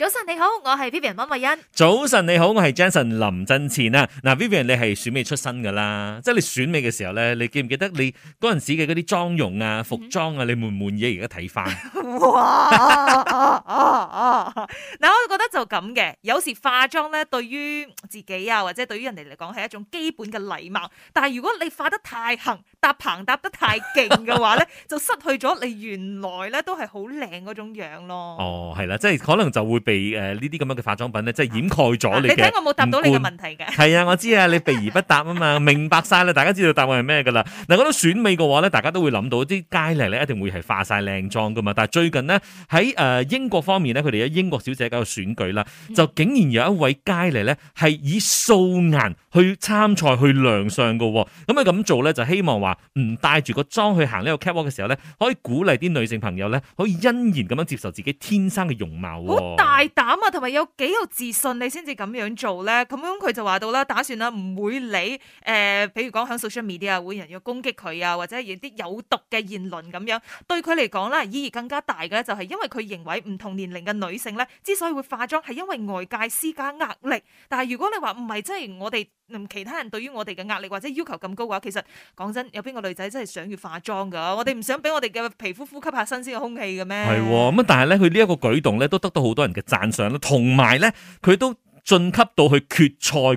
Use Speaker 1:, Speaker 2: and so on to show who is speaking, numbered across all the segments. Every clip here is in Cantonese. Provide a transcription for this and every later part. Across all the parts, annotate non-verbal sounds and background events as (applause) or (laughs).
Speaker 1: 早晨你好，我係 Vivian 溫慧欣。
Speaker 2: 早晨你好，我係 Jason 林振前啊。嗱，Vivian 你係選美出身噶啦，即係你選美嘅時候咧，你記唔記得你嗰陣時嘅嗰啲妝容啊、服裝啊，你滿唔滿意？而家睇翻。
Speaker 1: 嗱，我覺得就咁嘅。有時化妝咧，對於自己啊，或者對於人哋嚟講，係一種基本嘅禮貌。但係如果你化得太行、搭棚搭得太勁嘅話咧，就失去咗你原來咧都係好靚嗰種樣咯 (laughs) (laughs) 、
Speaker 2: 啊。哦，係啦，即係可能就會。被誒呢啲咁樣嘅化妝品咧，即係掩蓋咗你、啊、管你睇我冇答到你嘅問題嘅？係 (laughs) 啊，我知啊，你避而不答啊嘛，明白晒啦，大家知道答案係咩㗎啦。嗱，講到選美嘅話咧，大家都會諗到啲佳麗咧一定會係化晒靚妝㗎嘛。但係最近呢，喺誒、呃、英國方面咧，佢哋有英國小姐嗰個選舉啦，就竟然有一位佳麗咧係以素顏去參賽去亮相㗎喎。咁佢咁做咧就希望話唔帶住個妝去行呢個 catwalk 嘅時候咧，可以鼓勵啲女性朋友咧可以欣然咁樣接受自己天生嘅容貌、啊。
Speaker 1: 係膽啊，同埋 (music) 有幾有自信，你先至咁樣做咧。咁樣佢就話到啦，打算啦唔會理誒，呃，譬如講喺 social media 會人要攻擊佢啊，或者有啲有毒嘅言論咁樣。對佢嚟講咧，意義更加大嘅就係因為佢認為唔同年齡嘅女性咧，之所以會化妝係因為外界施加壓力。但係如果你話唔係，即係我哋。其他人對於我哋嘅壓力或者要求咁高嘅話，其實講真，有邊個女仔真係想要化妝㗎？我哋唔想俾我哋嘅皮膚呼吸下新鮮嘅空氣嘅咩？係
Speaker 2: 喎，咁但係咧，佢呢一個舉動咧，都得到好多人嘅讚賞啦。同埋咧，佢都。晉級到去決賽嘅，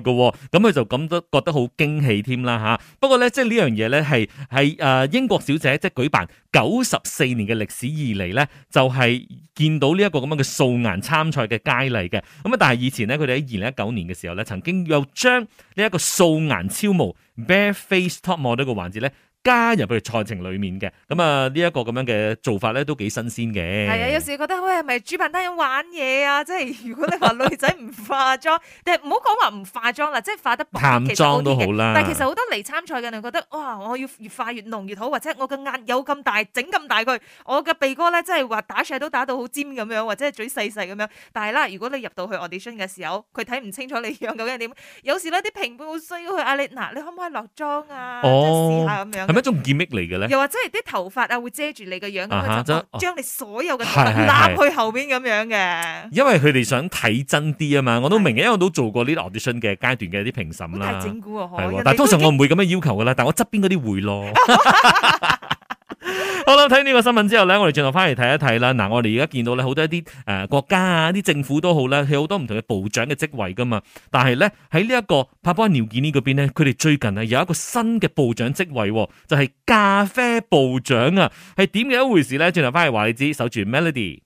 Speaker 2: 咁佢就咁都覺得好驚喜添啦嚇。不過咧，即係呢樣嘢咧係係誒英國小姐即係舉辦九十四年嘅歷史以嚟咧，就係見到呢一個咁樣嘅素顏參賽嘅佳麗嘅。咁啊，但係以前咧，佢哋喺二零一九年嘅時候咧，曾經又將呢一個素顏超模 bare face top model 嘅環節咧。加入去如賽程裏面嘅咁啊呢一、這個咁樣嘅做法咧都幾新鮮嘅。係 (music) 啊，有
Speaker 1: 時覺得喂係咪主辦單位玩嘢啊？即 (noise) 係楽如果你話女仔唔化妝，但係唔好講話唔化妝啦，即、就、係、是、化得淡妝都好啦。但係其實好多嚟參賽嘅人覺得哇 straw、哦，我要越化越濃越好，或者我嘅眼有咁大，整咁大佢，我嘅鼻哥咧即係話打斜都打到好尖咁樣，或者嘴細細咁樣。但係啦，如果你入到去 audition 嘅時候，佢睇唔清楚你樣究竟係點。 (music) 有時咧啲評判好衰，佢嗌、啊、你嗱、啊啊，你可唔可以落妝啊？即係、啊、
Speaker 2: 下咁樣。啊仲唔記憶嚟嘅咧，呢又
Speaker 1: 或者係啲頭髮啊會遮住你嘅樣，咁、uh huh, 哦、就將、哦、你所有嘅頭髮攬去後邊咁樣嘅。
Speaker 2: 因爲佢哋想睇真啲啊嘛，我都明，的因爲我都做過啲 audition 嘅階段嘅啲評審啦。係整蠱啊，吧但係通常我唔會咁樣要求噶啦，但我側邊嗰啲會咯。 (laughs) (laughs) (laughs) 好啦，睇呢個新聞之後咧，我哋轉頭翻嚟睇一睇啦。嗱，我哋而家見到咧好多一啲誒、呃、國家啊，啲政府都好咧，係好多唔同嘅部長嘅職位噶嘛。但係咧喺呢一個帕波鳥建尼邊呢嗰邊咧，佢哋最近啊有一個新嘅部長職位、啊，就係、是、咖啡部長啊，係點嘅一回事咧？轉頭翻嚟話你知，守住 Melody。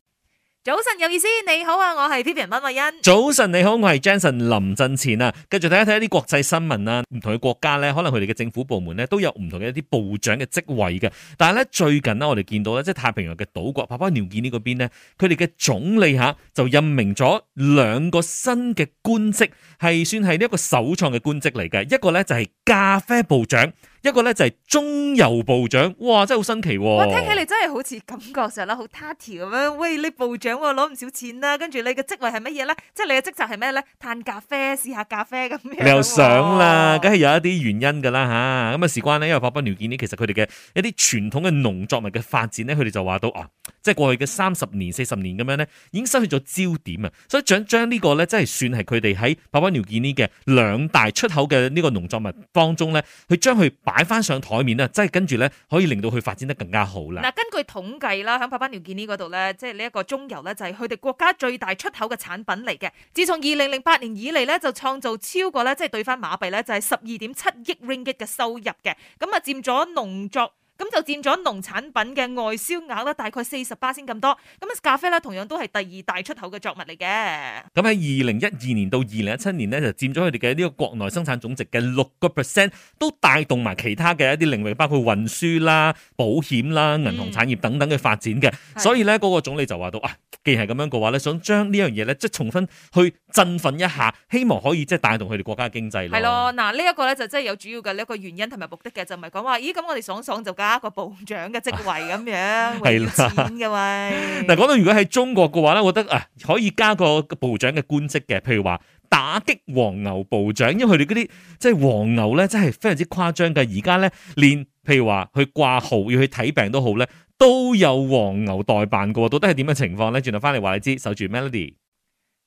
Speaker 1: 早晨有意思，你好啊，我係 Pipi 溫慧欣。
Speaker 2: 早晨你好，我係 Jenson 林振前啊。繼續睇一睇一啲國際新聞啦，唔同嘅國家咧，可能佢哋嘅政府部門咧都有唔同嘅一啲部長嘅職位嘅。但係咧最近呢，我哋見到咧，即係太平洋嘅島國巴布亞新畿內亞呢嗰邊咧，佢哋嘅總理吓就任命咗兩個新嘅官職，係算係呢一個首創嘅官職嚟嘅。一個咧就係咖啡部長。一個咧就係中油部長。哇，真係好新奇、哦。哇，聽起嚟
Speaker 1: 真係好似感覺上咧好 tatty 咁樣。喂，你部長攞唔少錢啦，跟住你嘅職位係乜嘢咧？即係你嘅職責係咩咧？歎咖啡，試下咖啡咁樣。你又想
Speaker 2: 啦，梗係、哦、有一啲原因噶啦吓。咁啊，事關咧，因為菲律賓呢，其實佢哋嘅一啲傳統嘅農作物嘅發展咧，佢哋就話到啊。即係過去嘅三十年、四十年咁樣咧，已經失去咗焦點啊！所以將將呢個咧，真係算係佢哋喺帕班尼建議嘅兩大出口嘅呢個農作物當中咧，去將佢擺翻上台面啦，即係跟住咧，可以令到佢發展得更加好啦。嗱，
Speaker 1: 根據統計啦，喺帕班尼建議嗰度咧，即係呢一個棕油咧，就係佢哋國家最大出口嘅產品嚟嘅。自從二零零八年以嚟咧，就創造超過咧，即係對翻馬幣咧，就係十二點七億 ringgit 嘅收入嘅。咁啊，佔咗農作。咁就佔咗農產品嘅外銷額啦，大概四十八千咁多。咁啊，咖啡咧同樣都係第二大出口嘅作物嚟嘅。
Speaker 2: 咁喺二零一二年到二零一七年咧，就佔咗佢哋嘅呢個國內生產總值嘅六個 percent，都帶動埋其他嘅一啲領域，包括運輸啦、保險啦、銀行產業等等嘅發展嘅。所以咧，嗰個總理就話到啊。既係咁樣嘅話咧，想將呢樣嘢咧，即係重新去振奮一下，希望可以即係帶動佢哋國家嘅經濟咯。係咯，
Speaker 1: 嗱，呢一個咧就真係有主要嘅一個原因同埋目的嘅，就唔係講話，咦，咁我哋爽爽就加一個部長嘅職位咁樣，係啦、啊，錢嘅咪。
Speaker 2: 嗱，講的喂到如果喺中國嘅話咧，我覺得啊可以加個部長嘅官職嘅，譬如話打擊黃牛部長，因為佢哋嗰啲即係黃牛咧，真係非常之誇張嘅。而家咧，連譬如話去掛號要去睇病都好咧。都有黃牛代辦過，到底係點嘅情況咧？轉頭翻嚟，話你知，守住 Melody。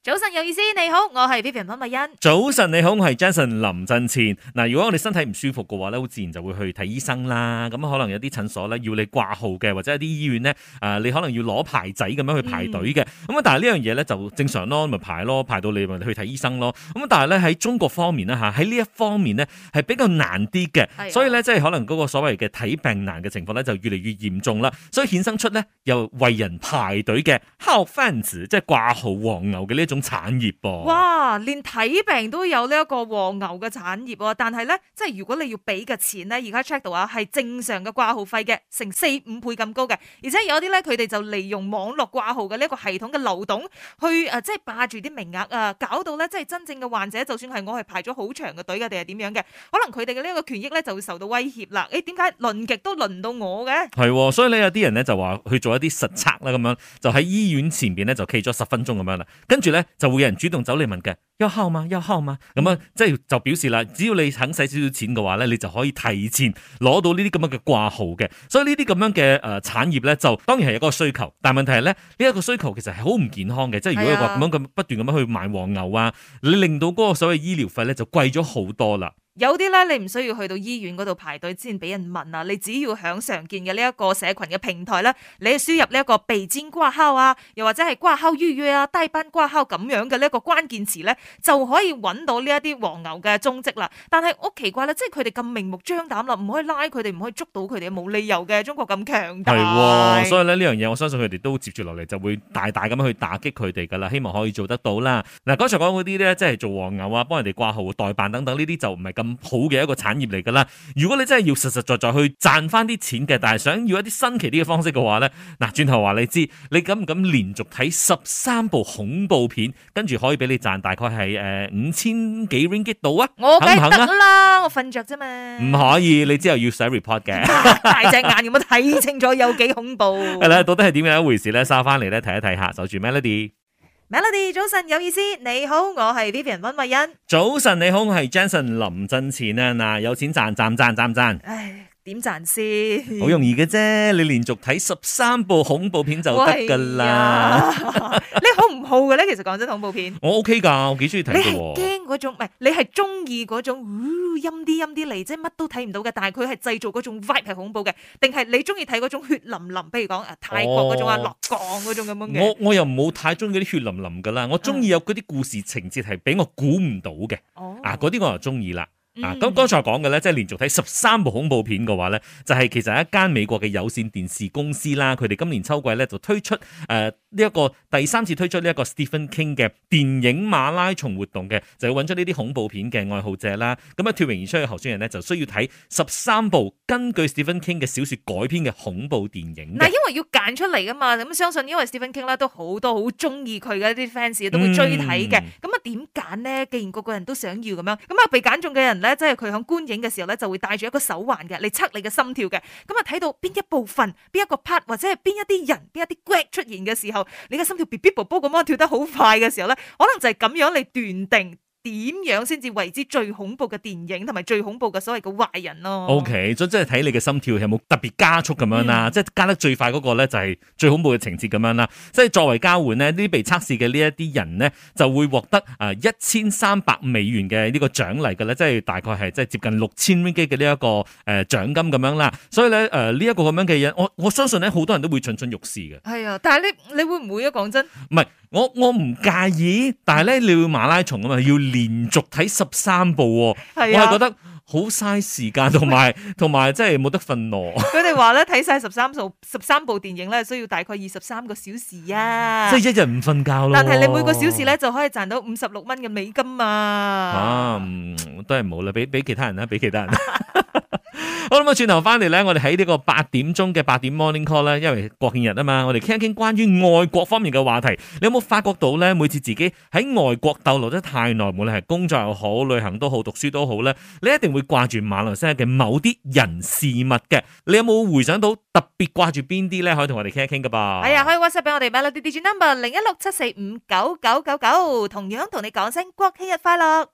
Speaker 1: 早晨有意思，你好，我係 B B M 潘蜜欣。
Speaker 2: 早晨你好，我係 Jason 林振前。嗱，如果我哋身體唔舒服嘅話咧，好自然就會去睇醫生啦。咁可能有啲診所咧要你掛號嘅，或者有啲醫院咧，誒、呃，你可能要攞牌仔咁樣去排隊嘅。咁啊、嗯，但係呢樣嘢咧就正常咯，咪排咯，排到你咪去睇醫生咯。咁但係咧喺中國方面啦吓，喺呢一方面咧係比較難啲嘅，的所以咧即係可能嗰個所謂嘅睇病難嘅情況咧就越嚟越嚴重啦。所以衍生出咧有為人排隊嘅即係掛號黃牛嘅呢？種產業噃、啊，哇，
Speaker 1: 連睇病都有呢一個黃牛嘅產業、啊。但係咧，即係如果你要俾嘅錢咧，而家 check 到啊，係正常嘅掛號費嘅，成四五倍咁高嘅。而且有啲咧，佢哋就利用網絡掛號嘅呢一個系統嘅漏洞，去誒、呃，即係霸住啲名額啊，搞到咧，即係真正嘅患者，就算係我係排咗好長嘅隊嘅，定係點樣嘅，可能佢哋嘅呢一個權益咧就會受到威脅啦。誒、欸，點解輪極都輪到我嘅？
Speaker 2: 係、哦，所以咧有啲人咧就話去做一啲實測啦，咁樣就喺醫院前邊咧就企咗十分鐘咁樣啦，跟住咧。就會有人主動走嚟問嘅，要號嘛，要號嘛，咁啊，即係就表示啦，只要你肯使少少錢嘅話咧，你就可以提前攞到呢啲咁樣嘅掛號嘅。所以呢啲咁樣嘅誒產業咧，就當然係有個需求，但係問題係咧，呢一個需求其實係好唔健康嘅。即係如果你話咁樣咁不斷咁樣去買黃牛啊，你令到嗰個所謂醫療費咧就貴咗好多啦。
Speaker 1: 有啲咧，你唔需要去到醫院嗰度排隊，之前俾人問啊，你只要響常見嘅呢一個社群嘅平台咧，你輸入呢一個鼻尖掛號啊，又或者係掛號預約啊、低班掛號咁樣嘅呢一個關鍵詞咧，就可以搵到呢一啲黃牛嘅蹤跡啦。但係我奇怪啦，即係佢哋咁明目張膽啦，唔可以拉佢哋，唔可以捉到佢哋，冇理由嘅。中國咁強大，哦，所
Speaker 2: 以咧呢樣嘢，我相信佢哋都接住落嚟就會大大咁去打擊佢哋噶啦，希望可以做得到啦。嗱，剛才講嗰啲咧，即係做黃牛啊，幫人哋掛號、代辦等等呢啲就唔係咁好嘅一個產業嚟噶啦，如果你真係要實實在在去賺翻啲錢嘅，但係想要一啲新奇啲嘅方式嘅話咧，嗱，轉頭話你知，你敢唔敢連續睇十三部恐怖片，跟住可以俾你賺大概係誒五千幾 ringgit 到啊？我梗係得啦，
Speaker 1: 我瞓着啫嘛。
Speaker 2: 唔可以，你之後要寫 report 嘅。
Speaker 1: (laughs) (laughs) 大隻眼，有冇睇清楚有幾恐怖？係啦
Speaker 2: (laughs) (laughs) 到底係點樣一回事咧？收翻嚟咧，睇一睇下，守住 Melody。
Speaker 1: Melody，早晨有意思。你好，我係 Vivian 温慧欣。
Speaker 2: 早晨你好，我係 Jason 林振前。啊。嗱，有錢賺賺賺賺唔賺？
Speaker 1: 賺賺賺賺唉，點賺先？好容易
Speaker 2: 嘅啫，你連續睇十三部恐怖片就得噶啦。呀 (laughs)
Speaker 1: 好嘅咧，其實講真，恐怖片
Speaker 2: 我、oh, OK 噶，我幾中意睇嘅喎。你係驚
Speaker 1: 嗰種，唔係，你係中意嗰種，陰啲陰啲嚟，即係乜都睇唔到嘅，但係佢係製造嗰種 vibe 係恐怖嘅，定係你中意睇嗰種血淋淋，譬如講啊泰國嗰種啊落、oh, 降嗰種咁樣嘅。我
Speaker 2: 我又唔好太中意啲血淋淋噶啦，我中意有嗰啲故事情節係俾我估唔到嘅。哦、oh. 啊，嗱嗰啲我又中意啦。嗯、啊，咁剛才講嘅咧，即係連續睇十三部恐怖片嘅話咧，就係其實係一間美國嘅有線電視公司啦，佢哋今年秋季咧就推出誒呢一個第三次推出呢一個 Stephen King 嘅電影馬拉松活動嘅，就去揾咗呢啲恐怖片嘅愛好者啦，咁啊脫穎而出嘅候選人咧就需要睇十三部根據 Stephen King 嘅小說改編嘅恐怖電影。嗱，因
Speaker 1: 為要揀出嚟噶嘛，咁相信因為 Stephen King 咧都好多好中意佢嘅一啲 fans 都會追睇嘅，嗯點揀咧？既然個個人都想要咁樣，咁啊被揀中嘅人咧，即係佢響觀影嘅時候咧，就會帶住一個手環嘅嚟測你嘅心跳嘅。咁啊睇到邊一部分，邊一個 part 或者係邊一啲人，邊一啲 group 出現嘅時候，你嘅心跳 bb b 寶咁樣跳得好快嘅時候咧，可能就係咁樣嚟斷定。點樣先至為之最恐怖嘅電影，同埋最恐怖嘅所謂嘅壞人咯？O K，
Speaker 2: 即係睇你嘅心跳有冇特別加速咁樣啦，即係加得最快嗰個咧就係最恐怖嘅情節咁樣啦。即係作為交換呢，呢啲被測試嘅呢一啲人呢，就會獲得啊一千三百美元嘅呢個獎勵嘅咧，即係大概係即係接近六千蚊嘅呢一個誒獎金咁樣啦。所以咧誒呢一個咁樣嘅嘢，我我相信咧好多人都會蠢蠢欲試嘅。
Speaker 1: 係啊，但係你你會唔會啊？講真，
Speaker 2: 唔係。我我唔介意，但係咧你要馬拉松啊嘛，要連續睇十三部，啊、我係覺得好嘥時間同埋同埋，真係冇得瞓咯。
Speaker 1: 佢哋話咧睇晒十三部十三部電影咧，需要大概二十三個小時啊，即係、嗯、
Speaker 2: 一日唔瞓覺咯。但係你每個小時咧
Speaker 1: 就可以賺到五十六蚊嘅美金啊！啊，
Speaker 2: 嗯、都係冇啦，俾俾其他人啦，啊，俾其他人、啊 (laughs) (laughs) 好啦，咁啊，轉頭翻嚟咧，我哋喺呢個八點鐘嘅八點 morning call 咧，因為國慶日啊嘛，我哋傾一傾關於外國方面嘅話題。你有冇發覺到咧？每次自己喺外國逗留得太耐，無論係工作又好，旅行都好，讀書都好咧，你一定會掛住馬來西亞嘅某啲人事物嘅。你有冇回想到特別掛住邊啲咧？可以同我哋傾一傾噶噃。係
Speaker 1: 啊，可以 WhatsApp 俾我哋 Digi number 零一六七四五九九九九，同樣同你講聲國慶日快樂。